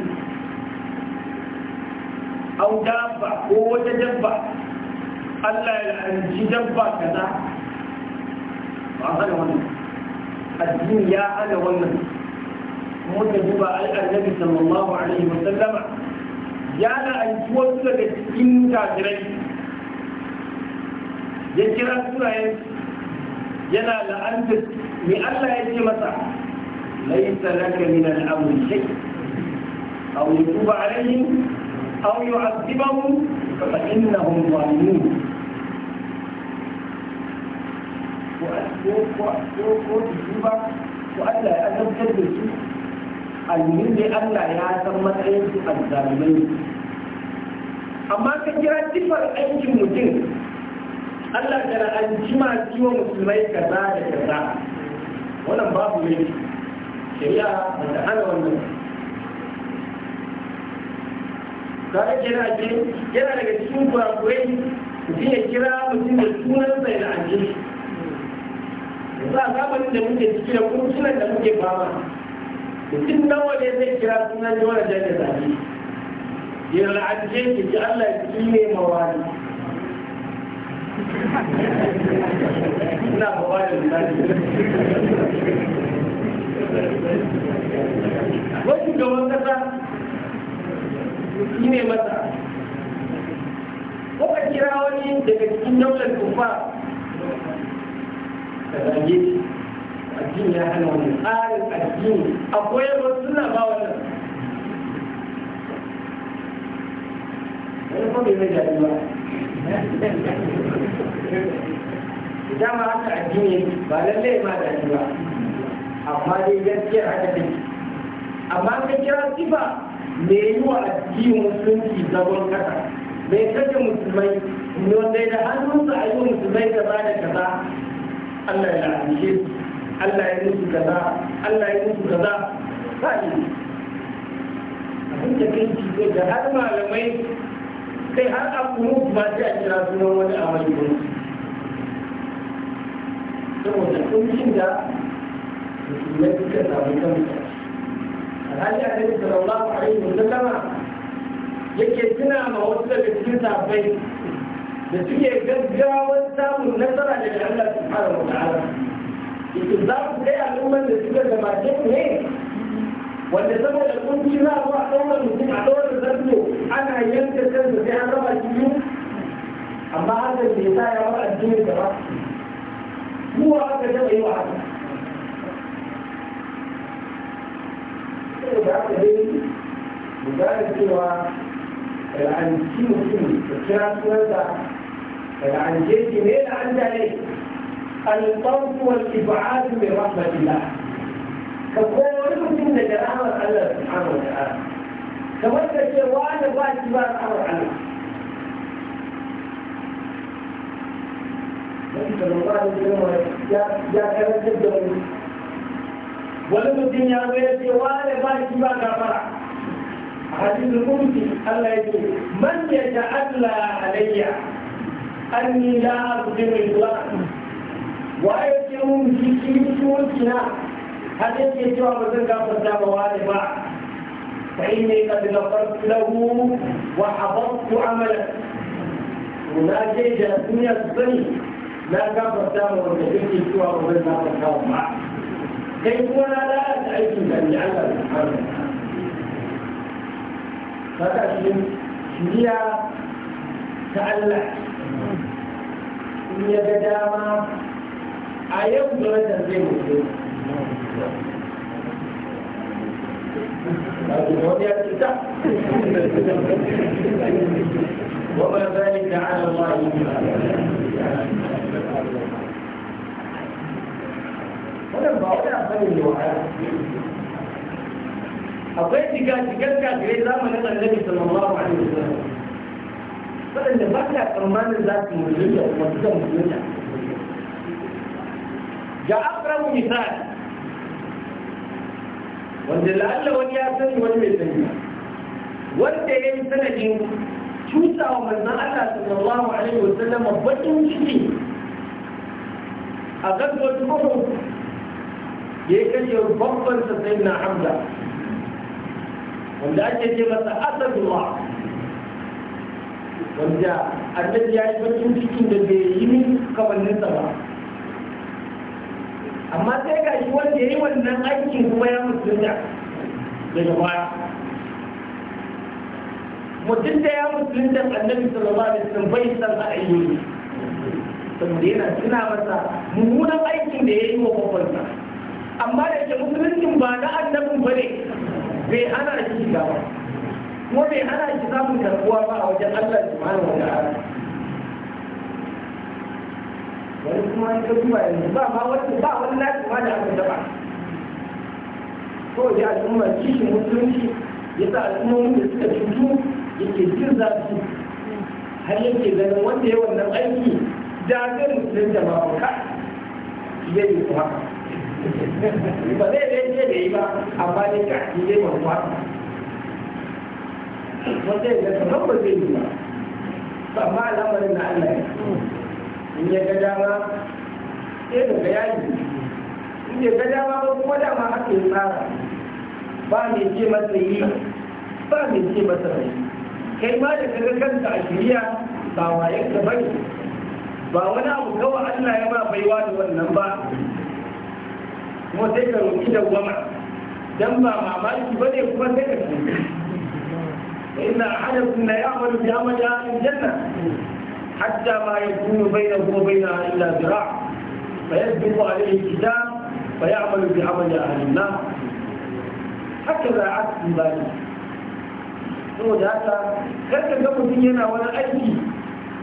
aw dabba ko wata dabba Allah ya la'anci dabba kaza ba hana wani. addini ya hana wannan da duba al'annabi sallallahu alaihi wa sallama ya la'anci wasu daga cikin kafirai ya kira sunayen yana la'anta me Allah ya ce masa laisa laka min al'amri shay aw yutuba alaihim aw yu'adhibahum fa innahum zalimun ko ko jiki ba ko Allah ya azabtar da su almin dai Allah ya san matsayin su azzalimai amma ka kira sifar aikin mutum Allah kana an jima ciwon musulmai kaza da kaza wannan babu ne shari'a ba ta hana wannan kaga kira ke yana daga cikin kurakurai mutum ya kira mutum da sunansa ya la'anje shi za a zamanin da muke ciki da kuma kurkunan da muke fama mutum nawa ne zai kira sunan yawan da ya zaɓi ya la'adce ki ji Allah ya ki ne mawani ina bawa da misali wasu gaban kasa shi ne masa ko ka kira wani daga cikin daular tufa ka zage shi addini ya hana wani tsarin addini akwai wasu suna ba wannan wani kuma bai mai daɗi ba dama haka addini ba lallai ma daɗi ba amma dai gaskiyar haka ne amma ka kira sifa me yi wa addini musulunci zagon kasa mai kaje musulmai ne wanda da hannunsa a yi musulmai gaba da kaza Allah ya la'anishe su Allah ya musu kaza Allah ya musu kaza ba ni abin da kai ci ko da har malamai kai har abu ba sai a kira sunan wani amal gurin saboda kuncin da musulmai suka samu kansu alhaji a sallallahu alaihi wa sallama yake tuna ma wasu daga cikin sahabbai da suke gaggawar samun nasara daga Allah subhanahu wa ta'ala ita za ku kai al'ummar da suka gabace ne wanda saboda kunci za a zuwa ɗaukar mutum a ɗaukar zarto ana yanka kansa sai an raba shi amma haka bai sa ya ba addinin ba mu haka taɓa yi wa haka saboda haka dai mu gane cewa al'anci mutum da kira sunansa فلعن جلت مين عن ذلك الطرف والإبعاد من رحمة الله كقوله من الأمر على سبحانه وتعالى كمدى الشوال واجب الأمر على ولو الدنيا غير جوال ما يجب ان ترى حديث الله يقول من يتعلى عليّ أني لا أقدر إطلاقا وأيتهم بكيوتهم سنا هذا يتوى مزنقا فتا موالبا فإني قد غفرت له وحفظت عمله وما جيد الدنيا الصني لا غفرت له وتجد يتوى مزنقا فتا موالبا كيف ولا لا أتعيش أن يعلم سبحانه وتعالى فكشف هي تعلق in ya ga dama a yau jonathan zai mutu وما ذلك على الله wannan ba wani abin da wahala akwai shiga shigar kafirai zamanin annabi sallallahu alaihi wasallam waɗanda ba ta tsammanin za su musulunta wasu zan musulunta ga akramu misali wanda la'alla wani ya sani wani mai sani wanda ya yi sanadin cuta wa manzan Allah sallallahu alaihi wa sallam bakin ciki a gaggawar tuhum ya kashe babban sa na hamza wanda ake ce masa asadullah wanda annabi ya yi bakin cikin da bai yi min kamanninsa ba amma sai ga shi wanda ya yi wannan aikin kuma ya musulunta daga baya mutum da ya musulunta annabi sallallahu alaihi wasallam bai san a ayyuka saboda yana tuna masa mummunan aikin da ya yi wa babbansa amma da ke musuluncin ba na annabin ba ne bai ana shi gaba kuma bai ana ki samun karbuwa ba a wajen Allah subhanahu wa ta'ala wani kuma an ka ba yanzu ba ma wani ba wani nasu ma da aka taba kawai ya al'umma kishin musulunci ya sa al'ummomin da suka cutu yake jin zafi har yake ganin wanda ya wannan aiki da zai musulun da ba ya yi kuma ba zai zai ce da yi ba amma ne ka zai mafuka wanda ya kamar ba zai yi ba amma al'amarin na Allah ya in ya ga dama sai daga yayi in ya ga dama ba kuma dama haka ya tsara ba mai ce masa yi ba mai ce masa mai kai ma da kaga kanka a shirya ba wayan ka bane ba wani abu kawai Allah ya ba baiwa da wannan ba kuma sai ka roki da goma dan ba mamaki bane kuma sai ka وإن أحدكم لا يعمل بعمل أهل الجنة حتى ما يكون بينه وبينها إلا ذراع فيسبق عليه الكتاب فيعمل بعمل أهل النار هكذا عكس ذلك saboda haka karka ga mutum yana wani aiki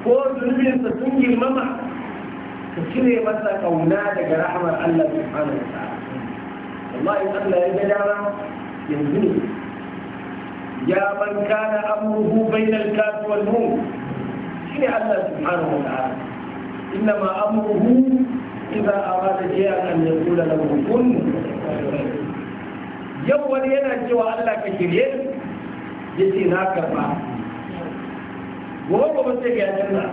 ko zunubinsa sun girmama ka cire masa kauna daga rahmar Allah subhanahu wa ta'ala wallahi Allah ya ga dama yanzu ne ya man kana amruhu bainal kafi wal mu'min shine Allah subhanahu wa ta'ala inna ma amruhu idza arada shay'an an yaqula lahu kun yau wani yana cewa Allah ka shirye yace na karba gobe ba sai ga janna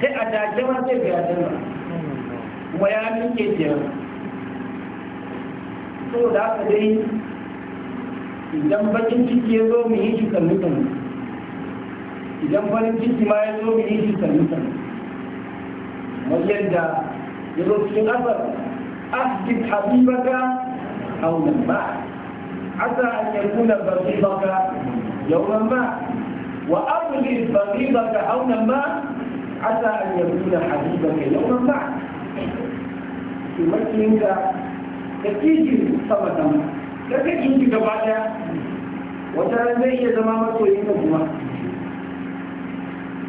kai a dace ma sai ga janna kuma ya nike kenan to da haka dai idan bakin ciki ya zo mu yi shi sannu sannu idan farin ciki ma ya zo mu yi shi sannu sannu kamar yadda ya zo cikin asar asbit habibaka aw lam ba asa an yakuna baka yawman ba wa abli bagibaka aw lam ba asa an yakuna habibaka yawman ba su makiyinka ka kiji sama sama kaka kinki gaba daya wata ran zai iya zama masoyin ka kuma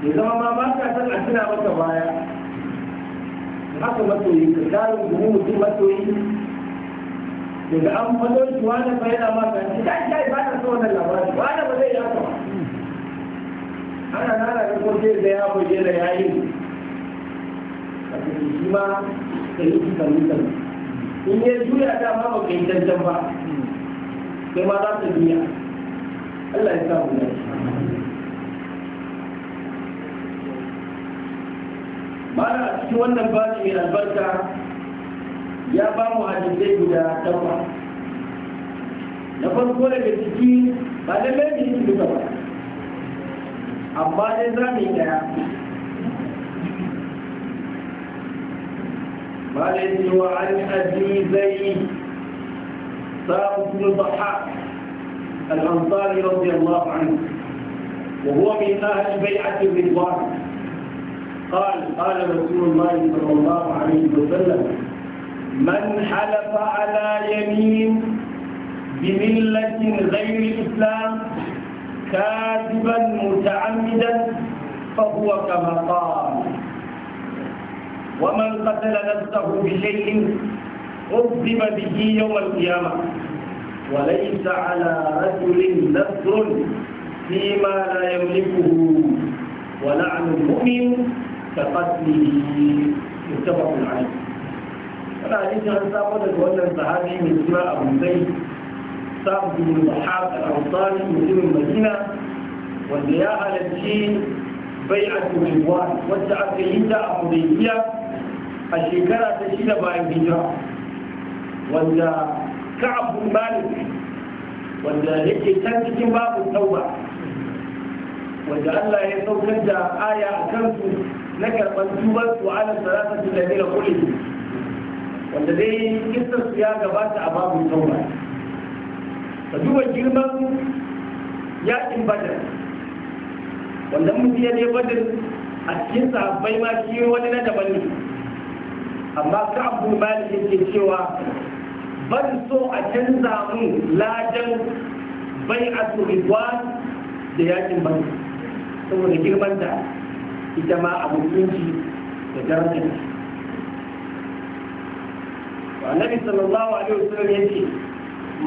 ya zama ma ba ka san a tuna maka baya haka masoyin ka tsarin gumi mutum masoyi daga an fado shi wani fa yana maka shi ta shi ba ta so wannan ba da ba zai yi ana nana ga kote da ya bayyana yayin a cikin shi ma da yi kan mutane in ya juya ta ma ba ka yi cancan ba sai ma za ta juya Allah ya sa mu Mana a cikin wannan bashi mai albarka ya ba mu hadisai guda takwas. Na farko daga ciki ba lallai ne su duka ba, amma dai za mu yi ɗaya. مالك وعن أبي زيد ثابت بن الضحاك الأنصاري رضي الله عنه وهو من أهل بيعة الرضوان قال قال رسول الله صلى الله عليه وسلم من حلف على يمين بملة غير الإسلام كاذبا متعمدا فهو كما قال ومن قتل نفسه بشيء عذب به يوم القيامة وليس على رجل نذر فيما لا يملكه ولعن المؤمن كقتله متفق عليه أنا حديث عن سابقا أن الصحابي من سماء أبو زيد ثابت بن ضحاك الأنصاري مسلم المدينة واللي يا على الدين بيعة الرضوان وسعت يدعى حديبية a shekara ta shida bayan hijira wanda ka bin malik wanda yake can cikin babu tauba wanda Allah ya saukar da aya a kansu na karɓar tubar su ala salatatu da mila wanda dai kisar su ya gabata a babu tauba ka duba girman yakin badar wanda mutu ya ne badar a cikin sahabbai ma shi wani na daban ne amma ka abu malik yake cewa ban so a canza mun ladan bai a ridwan da yakin ban saboda girman da ita ma a mutunci da darajar annabi sallallahu alaihi wasallam yake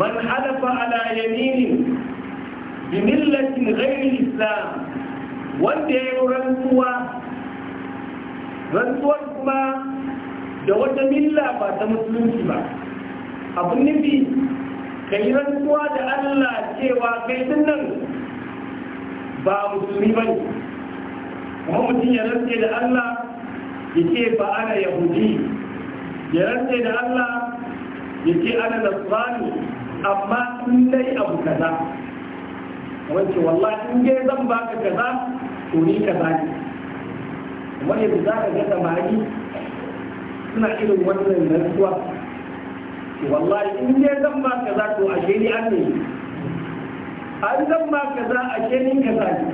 man halafa ala yaminin bi millatin ghairi islam wanda ya yi rantsuwa rantsuwar kuma da wata milla ba ta musulunci ba Abun nufi ka yi rantsuwa da allah cewa kai din nan ba musulmi ba ne kuma mutum ya rantse da allah ya ce ba ana yahudi ya rantse da allah ya ce ana nasrani amma in dai abu kaza wacce wallahi in dai zan baka kaza to ni kaza ne wani da za ka ga samari suna irin wannan rantsuwa wallahi in ne zan ba kaza to ashe ni an ne an zan ba kaza ashe ni kaza ne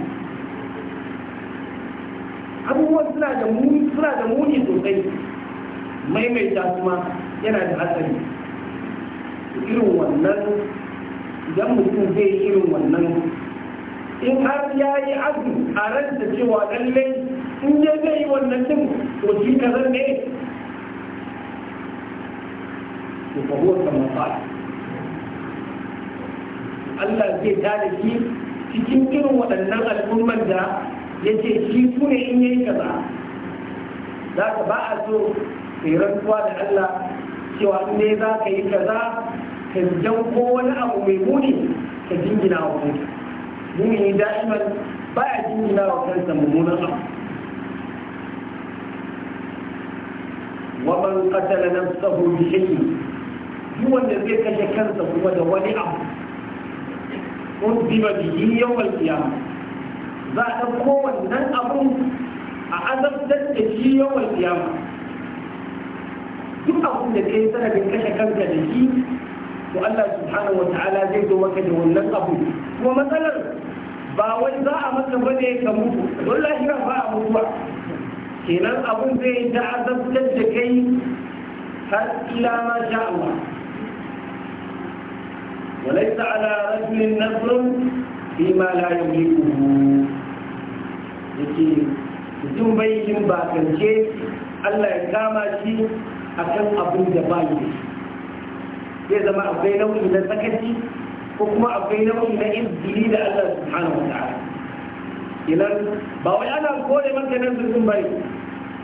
abubuwan suna da muni suna da muni sosai maimaita kuma yana da hatsari irin wannan idan mutum zai yi irin wannan in har ya yi azu a ranta cewa lallai in ya zai yi wannan din to shi kazan ne to fa huwa kama qala Allah zai tada shi cikin irin waɗannan al'umman da ya ce shi ku ne in yayi kaza za ka ba a so kai rantsuwa da Allah cewa in ne za ka yi kaza ka janko wani abu mai muni ka jingina wa kanka muni da'iman ba ya jingina wa kansa mummunan abu ومن قتل نفسه بشيء duk wanda zai kashe kansa kuma da wani abu kun ziba biyi yawan kiyama za a ɗauko wannan abun a azabtar da shi yawan kiyama duk abun da kai sanadin kashe kanka da shi to Allah subhanahu wa ta'ala zai zo maka da wannan abu kuma matsalar ba wai za a maka bane ka mutu wallahi ba ba a mutuwa kenan abun zai ta azabtar da kai har ila ma sha Allah وليس على رجل نظر فيما لا يملكه yake mutum bai yin bakance Allah ya kama shi a kan abin da ba yi zai zama akwai nau'i na sakaci ko kuma akwai nau'i na izini da Allah subhanahu wa ta'ala idan ba wai ana kore maka nan zurfin bai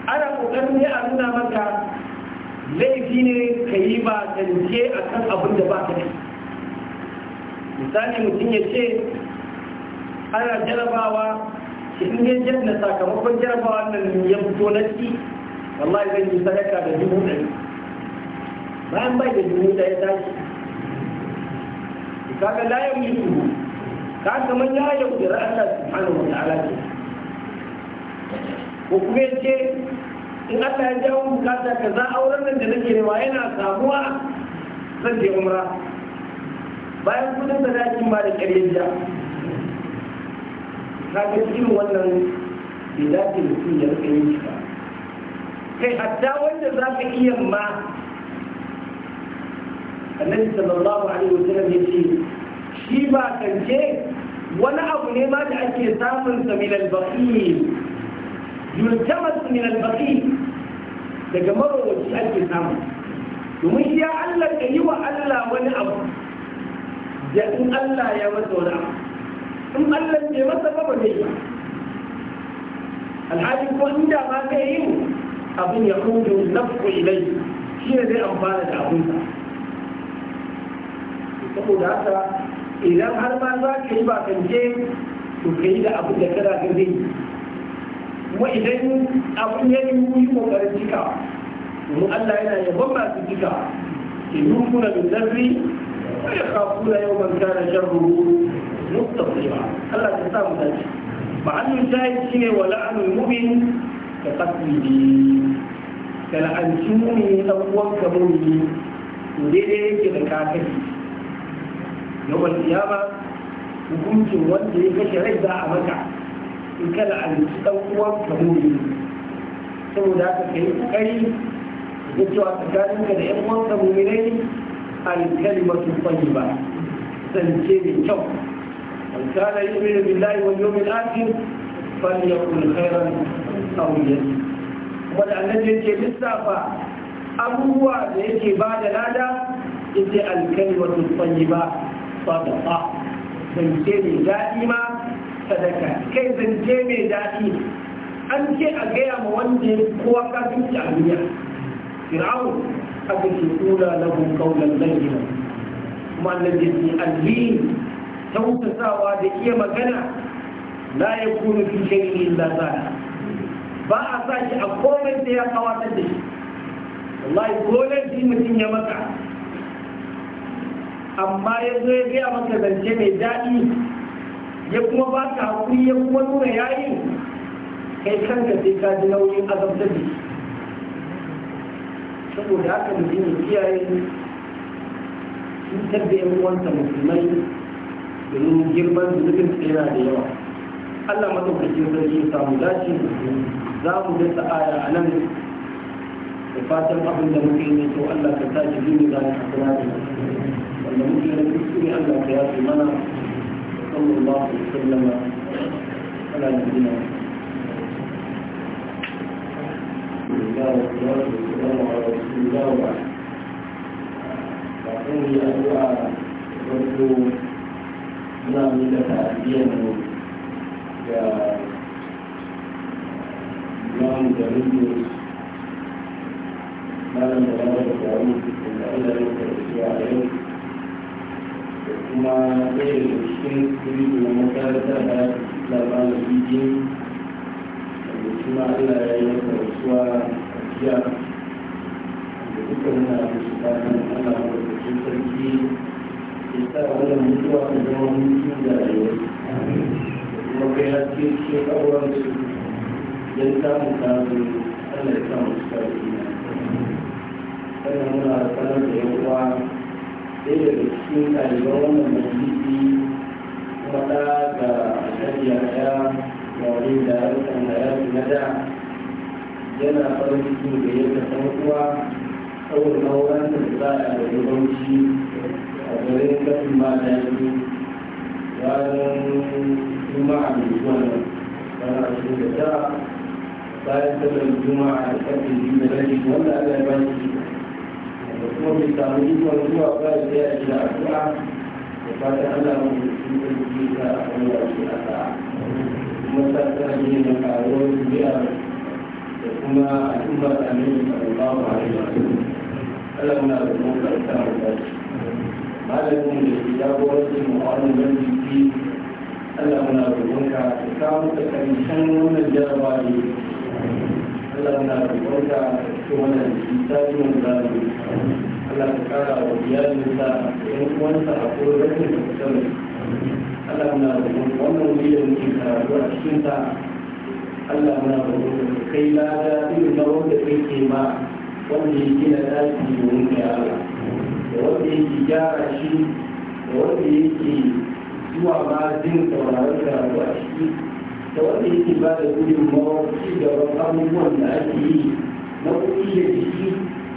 ana kokarin ne a nuna maka laifi ne ka yi bakance a kan abin da ba ka da misali mutum ya ce ana jarabawa in ya janna sakamakon jarabawa nan ya fito na ci wallahi zan yi sadaka da dubu ɗari bayan bai da dubu ta tashi kaga la yau yi dubu ka kama ya yau da Allah subhanahu wa ta'ala ce ko kuma ya ce in aka yi jawo bukata kaza auren nan da nake rewa yana samuwa zan je umra bayan kudin da zakin ba da ƙarya biya kaga irin wannan bai dace mutum ya rika yin shi ba kai hatta wanda za ka iya ma annabi sallallahu alaihi wasallam ya ce shi ba kance wani abu ne ma da ake samun sa min al-baqi yultamas min al-baqi daga marowaci ake samu domin shi ya Allah ka yi wa Allah wani abu da in Allah ya masa wani abu in Allah bai masa kafa ne? zai ba alhali ko inda ma ka yi abin ya kundu nafku ilai shi ne zai amfana da abinsa saboda haka idan har ma za ka yi ba kanje to ka yi da abin da kana ga zai kuma idan abin ya yi kokarin cika, domin Allah yana yabon masu cikawa ke nufuna da zarri ويخافون يوما كان شره مستطيرا الله تسامح ذلك معنى الشاهد شيء ولعن المؤمن كقتله كلعن شمومي أو كمومي وديدي كده كافر يوم القيامة hukuncin wanda ya kashe rai za a maka in kana a nufi ɗan uwan kamuri saboda haka ka yi da cewa tsakaninka da 'yan uwan muminai. alkalimatu tayyiba zance mai kyau wa kana yu'minu billahi wal yawmil akhir falyakul khairan aw yasi wanda annabi yake lissafa abubuwa da yake ba da lada ita alkalimatu tayyiba sadaqa zance mai daɗi ma ta sadaka kai zance mai daɗi an ce a gaya ma wanda kowa ka fi duniya fir'aun أبو ce له قولا لينا ما kuma annabi ce al-lin tausasawa da iya magana la yakunu fi shay'in illa zana ba a sa shi a komai da ya kawatar da shi wallahi ko shi mutum ya maka amma ya zo ya gaya maka zance mai daɗi ya kuma ba ka ya kuma nuna yayi kai kanka sai ka ji nauyin azabtar da saboda haka mutum ya kiyaye cutar da yan uwansa musulmai domin girman zunubin yana da yawa Allah madaukakin sarki ya samu dace za mu dasa aya a nan da fatan abin da muke ne to Allah ka sa shi ne da hasana da wanda muke ne kuskure Allah ka yafe mana sallallahu alaihi wasallam ala nabiyina لله والصلاة والسلام على رسول الله وبعد فأقول da ya da jaru da da kuma ɗaya da cikin kuri da da kuma Allah ya yi karuwa jiya da duka muna musu fatan Allah mabarkacin sarki ya sa wannan mutuwa ta zama mutu da rayuwa kuma kai haske cikin ƙaruwar su don samun kazo Allah ya samu su karfi na sannan muna sanar da yawa ɗaya daga cikin ɗaliban wannan majalisi kuma ɗa ga shari'a ɗaya yayin da harkar hayati na da yana farin ciki da yadda san uwa tsawon auren da za a da yawanci a garin kafin ya yanzu ranar juma'a mai zuwa nan ranar ashirin da tara bayan sallar juma'a da karfe biyu da rashi wanda aka yi bashi da kuma bai samu ikon zuwa ba ya da addu'a da fatan Allah da shi da ya a sa'a kuma tasiri na karuwar duniya da kuma al'ummar annabi sallallahu alaihi wasallam Allah muna da kuma karanta mu dace malamin da ke jagorancin mu'amalar jiki Allah muna roƙonka ka kawo ka karshen wannan jarabawa Allah muna roƙonka ka ci wannan tsari mun zalu Allah ka kara wa iyalinsa da ƴan uwansa a kowace da kusa Allah muna da wannan da muke karatu a cikin sa Allah muna da kai lada irin na wanda kake ma wanda ya gina ɗaki domin ka da wanda yake gyara shi da wanda yake zuwa ma sauraron karatu a ciki da wanda yake ba da ci abubuwan da ake yi na kuɗi da jiki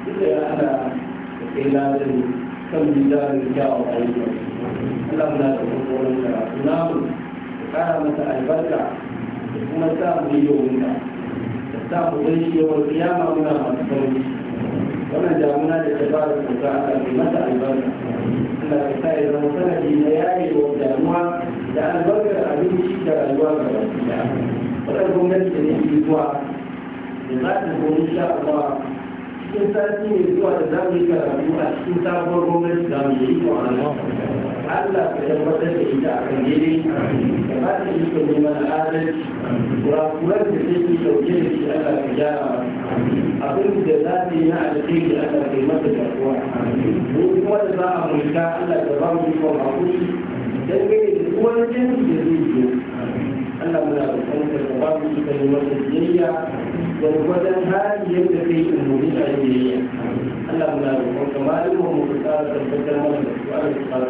duka ya da kai lada kan bizarin Allah na da kokarin ka namu ka kara masa albarka da kuma sa mu yi domin da sa mu dai shi yawan kiyama muna masu sauki wannan damuna da ta fara kuka Allah mai masa albarka Allah ka sa ya zama sanadi na yaye wa damuwa da albarkar abinci da rayuwa ga baki ɗaya wannan gwamnati da ne zuwa da za ta zo insha Allah cikin sati ne zuwa da zamu yi karatu a cikin sabuwar gwamnati da mu yi ko Allah ka tabbatar da ita a kan daidai ka ba ta yi kan neman adalci kurakuran da take dauke da shi Allah ka gyara abin da za ta yi na alheri Allah ka yi mata karkuwa ko kuma da za a mulka Allah ka ba mu ikon hakuri dangane da wani jinsi da zai zo Ala muna roƙon ka ka ba mu shi kalmar biyayya gwargwadon hali yadda kai umuri a biyayya Allah muna roƙon ka malamin mu ka tsara tabbatar mana da su ala su fara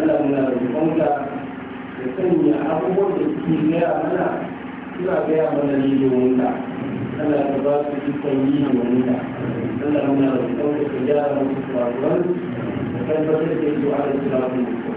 Allah muna roƙon ka ka sanya abubuwan da suke gaya mana suna gaya mana ne domin ka Allah ka ba su dukkan yi domin ka Allah muna roƙon ka ka gyara musu kurakuran ka tabbatar da su ala su fara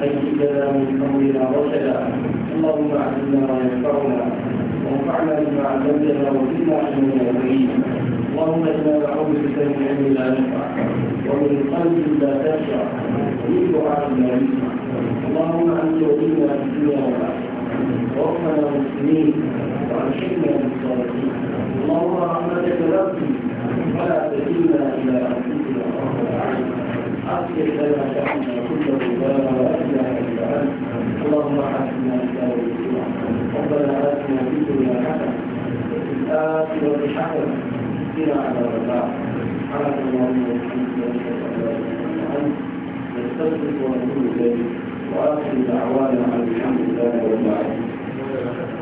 فاجعل لنا من امرنا رشدا اللهم علمنا ما ينفعنا وانفعنا بما علمتنا وزدنا علما يقينا اللهم انا نعوذ بك من علم لا ينفع ومن قلب لا تخشع ومن دعاء لا يسمع اللهم انت ولينا في الدنيا والاخره توفنا مسلمين وانشدنا بالصالحين اللهم رحمتك نرجو
ولا تكلنا الى انفسنا رب العالمين أصلح لنا شأننا كله لا إله إلا أنت اللهم حسنا إلى ربنا آتنا في الدنيا حسنة وفي الآخرة حسنة
وقنا عذاب النار سبحانك اللهم وبحمدك نستغفرك ونتوب إليك وآخر دعوانا أن الحمد لله رب العالمين